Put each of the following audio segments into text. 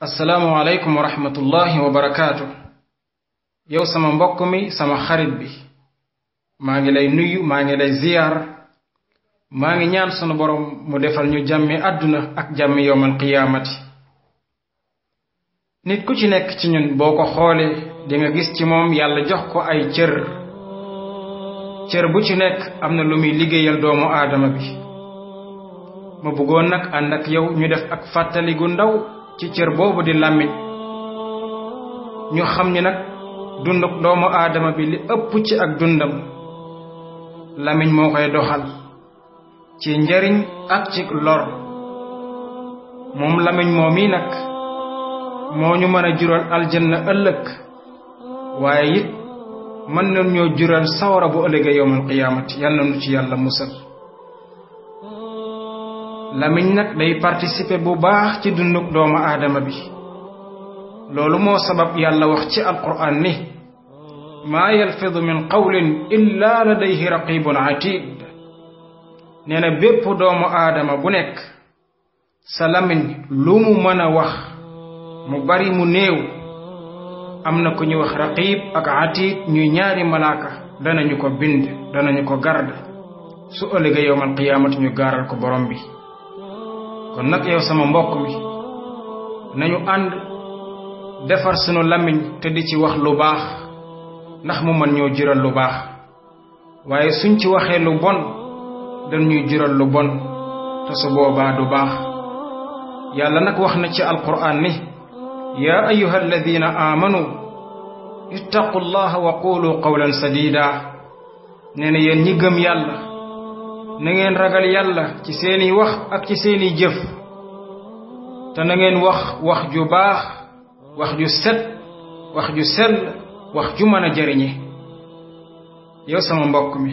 assalaamu aleykum wa rahmatullahi wa barakaatu yow sama mbokk mi sama xarit bi maa ngi lay nuyu maa ngi lay ziyaar maa ngi ñaan sunu boroom mu defal ñu jàmmi àdduna ak jàmmi yowmal qiyaamati nit ku ci nekk ci ñun boo ko xoolee di nga gis ci moom yàlla jox ko ay cër cër bu ci nekk am na lu muy liggéeyal doomu aadama bi ma buggoon nag ànd ak yow ñu def ak fàttali gu ndaw ci cër boobu di làmmiñ ñu xam ni nag dund doomu aadama bi li ëpp ci ak dundam làmmiñ moo koy doxal ci njariñ ak ci lor moom làmmiñ moo mii nag moo ñu mën a jural aljanna ëllëg waaye it mën na ñoo jural sawara bu ëllëgee yowmal yal yàlla nu ci yàlla musal lamiñ nag day participer bu baax ci dunduk doomu aadama bi loolu moo sabab yàlla wax ci alquraan ni maa yalfidu min qawlin illa ladayhi raqibun atid nee na bépp doomu aadama bu nekk sa lamiñ lu mu mën a wax mu bari mu néew am na ku ñu wax raqib ak atid ñuy ñaari malaaka danañu ko bind danañu ko garde su ëllëgee yowmal qiyaamati ñu gaaral ko borom bi kon nag yow sama mbokk mi nañu ànd defar sunu làmmiñ te ci wax lu baax ndax mu mën ñoo jural lu baax waaye suñ ci waxee lu bon dañuy jural lu bon te su boobaa du baax yàlla nag wax na ci alquraan ni yaa ayuha alladina aamanu ittaqullaha wa qulu qawlan sadida nee na yéen ñi gëm yàlla na ngeen ragal yàlla ci seeni wax ak ci seeni jëf te na ngeen wax wax ju baax wax ju set wax ju sell wax ju mën a yow sama mbokk mi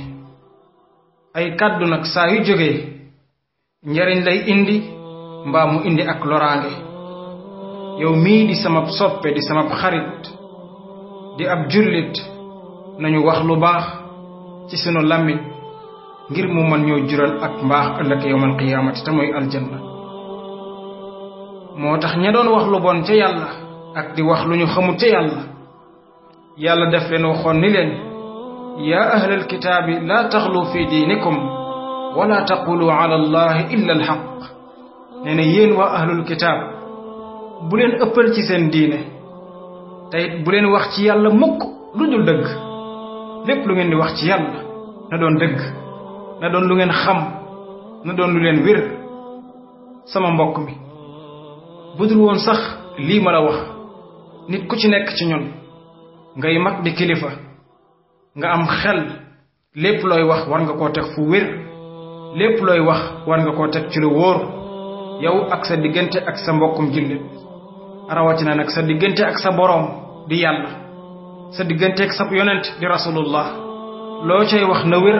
ay kàddu nag saa yu jógee njariñ lay indi mbaa mu indi ak loraange yow mii di sama soppe di sama xarit di ab jullit nañu wax lu baax ci sunu lamit ngir mu man ñoo jural ak mbaax ëllëg yowmal qiyaamati te mooy aljanna moo tax ña doon wax lu bon ca yàlla ak di wax lu ñu xamut ca yàlla yàlla def leen waxoon ni leen ya ahlal kitaabi la taxlu fi diinikum wala taqulu ala allahi illa alxaq nee na yéen waa ahlul kitaab bu leen ëppal ci seen diine tayit bu leen wax ci yàlla mukk lu dul dëgg lépp lu ngeen di wax ci yàlla na doon dëgg na doon lu ngeen xam na doon lu leen wér sama mbokk mi budul woon sax lii ma la wax nit ku ci nekk ci ñun ngay mag di kilifa nga am xel lépp looy wax war nga koo teg fu wér lépp looy wax war nga koo teg ci lu wóor yow ak sa diggante ak sa mbokkum jullit rawatina nag sa diggante ak sa boroom di yàlla sa diggante ak sa yonent di rasulullah loo cay wax na wér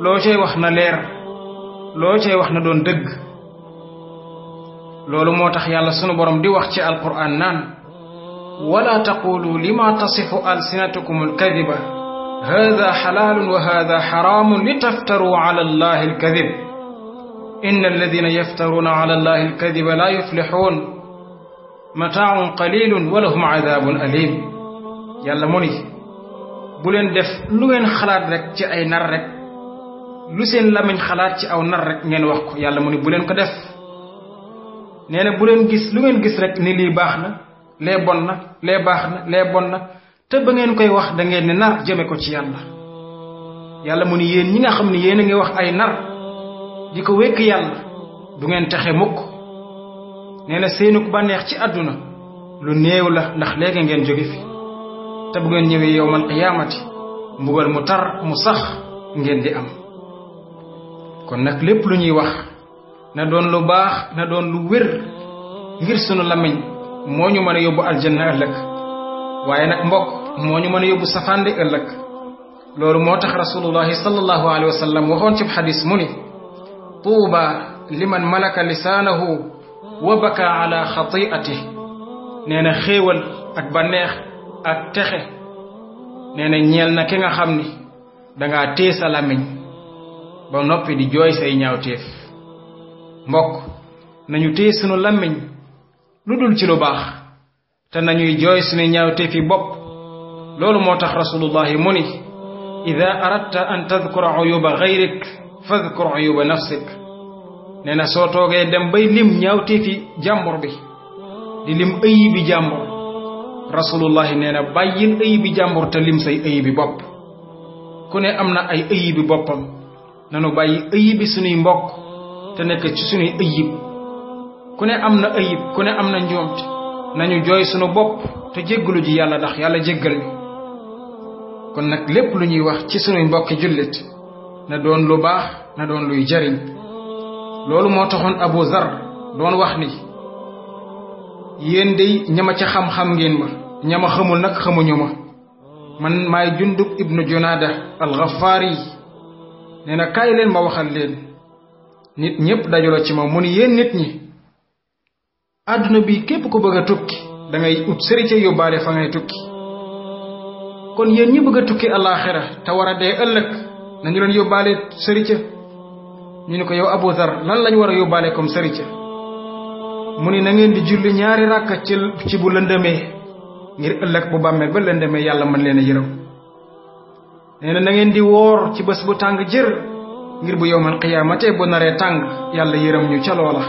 loo cay wax na leer loo cay wax na doon dëgg loolu moo tax yàlla sunu borom di wax ci alquran naan wala taqulu lima tasifu alsinatukum alkadiba hada xalaalun wa hada xaraamun li taftaruu ala allahi alkadib in alladina yaftaruuna ala allahi alkadiba laa yuflixuun mataacun qalilun wa lahum cadaabun alim yàlla mu ni bu leen def lu ngeen xalaat rek ci ay nar rek lu seen làmmiñ xalaat ci aw nar rek ngeen wax ko yàlla mu ni bu leen ko def nee na bu leen gis lu ngeen gis rek ni lii baax na lee bon na lee baax na lee bon na te ba ngeen koy wax da ngeen ne nar jëme ko ci yàlla yàlla mu ni yéen ñi nga xam ni yéen a ngi wax ay nar di ko wékk yàlla du ngeen texe mukk nee na seenu ku bànneex ci àdduna lu néew la ndax léegi ngeen jóge fi te bu ngeen ñëwee yowmal qiyaamati mbugal mu tar mu sax ngeen di am kon nak lépp lu ñuy wax na doon lu baax na doon lu wér ngir sunu lamiñ moo ñu mën a yóbbu aljanna ëllëg waaye nag mbokk moo ñu mën a yóbbu safande ëllëg loolu moo tax rasulullahi sallallahu alayhi wa sallam waxoon ci xadis mu ni tuuba liman malaka lisaanahu wa baka ala xati'atih nee na xéewal ak banneex ak texe nee na ñeel na ki nga xam ni dangaa téye sa lamiñ ba noppi di jooy say ñaawteef mbokk nañu téye sunu làmmiñ lu dul ci lu baax te nañuy jooy sunu ñaawteef yi bopp loolu moo tax rasulullahi mu ni ida aradta an tadkura uyuba gayrik fadkur uyuba nafsik nee na soo toogee dem bay lim ñaawteefi jàmbur bi di lim ëyi bi jàmbur rasulullahi nee na bàyyil ëyi bi jàmbur te lim say ëyi bi bopp ku ne am na ay ëyi boppam nanu bàyyi ëyib yi suñuy mbokk te nekk ci suñuy ëyib ku ne am na ëyib ku ne am na njuumte nañu jooy sunu bopp te jéggalu ji yàlla ndax yàlla jéggal ñu kon nag lépp lu ñuy wax ci suñuy mbokki jullit na doon lu baax na doon luy jariñ loolu moo taxoon Abu Zar doon wax ni yéen day ñama ca xam-xam ngeen ma ñama xamul nag xamuñu ma man maay Jundub ibnu Junaada al-Ghafaari nee na kaay leen ma waxal leen nit ñépp dajaloo ci moom mu ni yéen nit ñi àdduna bi képp ku bëgg a tukki dangay ut sërite yóbbaale fa ngay tukki kon yéen ñi bëgg a tukki alaaxira te war a dee ëllëg nañu leen yóbbaale sërite ñu ni ko yow Abu Zar lan lañ war a yóbbaale comme sërite mu ni na ngeen di julli ñaari ràkka ci ci bu lëndëmee ngir ëllëg bu bàmmee ba lëndëmee yàlla mën leen a yërëm neena na ngeen di woor ci bés bu tàng jër ngir bu yowmal qiyaamate bu naree tàng yàlla yërëm ñu ca loola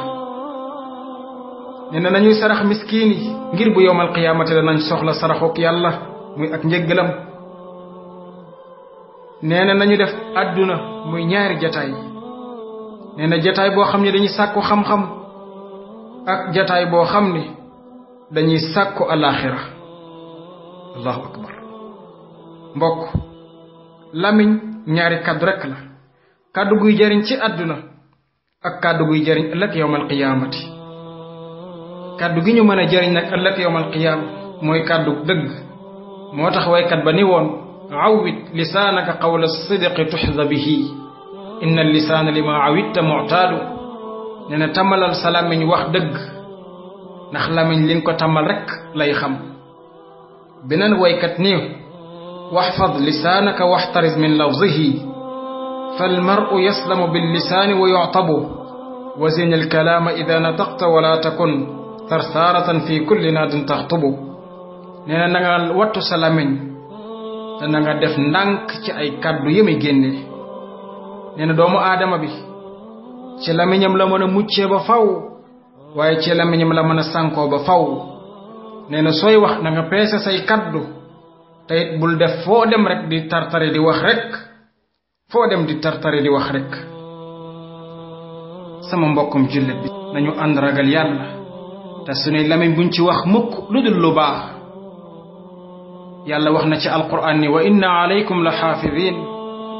neena na nañuy sarax miskiin yi ngir bu yowmal qiyaamate danañ soxla saraxuk yàlla muy ak njëggalam neena nañu def àdduna muy ñaari jataay neena jataay boo xam ne dañuy sàkku xam-xam ak jataay boo xam ne dañuy sàkku alaxira allahu akbar mbokk lamiñ ñaari kàddu rekk la kàddu guy jariñ ci àdduna ak kàddu guy jariñ ëllëg yowmal qiyaamati kàddu gi ñu mën a jariñ nag ëllëg yowmal qiyaama mooy kàddu dëgg moo tax waykat ba ni woon awwit lisaanaka qawla sidqi tuxza bihi inna lisaana li ma awwitta mu'taadu ne na tamalal sa wax dëgg ndax lamiñ liñ ko tamal rekk lay xam beneen waykat nii واحفظ لسانك واحترز من لفظه فالمرء يسلم باللسان ويعطبه وزن الكلام إذا نطقت ولا تكن ثرثارة في كل ناد تخطب نينا نغا وات سلامين تا نغا ديف نانك تي كادو يمي генي نينا دومو ادم بي تي لامينم لا مانا موتشي با سانكو با فاو نينا سوي واخ نغا كادو te it bul def foo dem rek di tartare di wax rek foo dem di tartare di wax rek sama mbokkum jullit bi nañu ànd ragal yàlla te sunuy lamiñ buñ ci wax mukk lu dul lu baax yàlla wax na ci alquran ni wa inna alaykum la xaafidin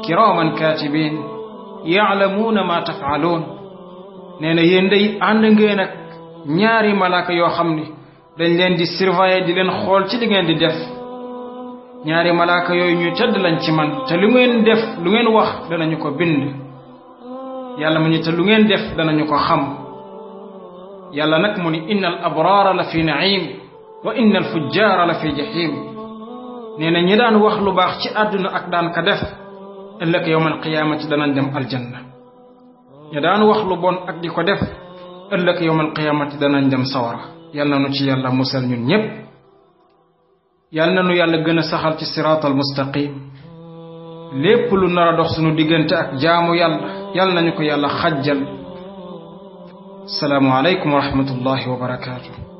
kiraaman kaatibin yaalamuuna ma tafaaloon nee na yéen day ànd ngeen ak ñaari malaaka yoo xam ni dañ leen di surveiller di leen xool ci li ngeen di def ñaari malaaka yooyu ñu tedd lañ ci man te lu ngeen def lu ngeen wax danañu ko bind yàlla mu ñu te lu ngeen def danañu ko xam yàlla nag mu ni inna al abraara la fi naim wa inna al fujjaara la fi jahim nee na ñi daan wax lu baax ci àdduna ak daan ka def ëllëg yowmal qiyaamati danañ dem aljanna ñi daan wax lu bon ak di ko def ëllëg yowmal qiyaamati danañ dem sawara yàlla nu ci yàlla musal ñun ñépp يالنا نو يالا گنا سخال تي صراط المستقيم لپ لو نارا دوخ سونو ديگنت اك جامو يالا يالا نانيو كو يالا خاجال السلام عليكم ورحمه الله وبركاته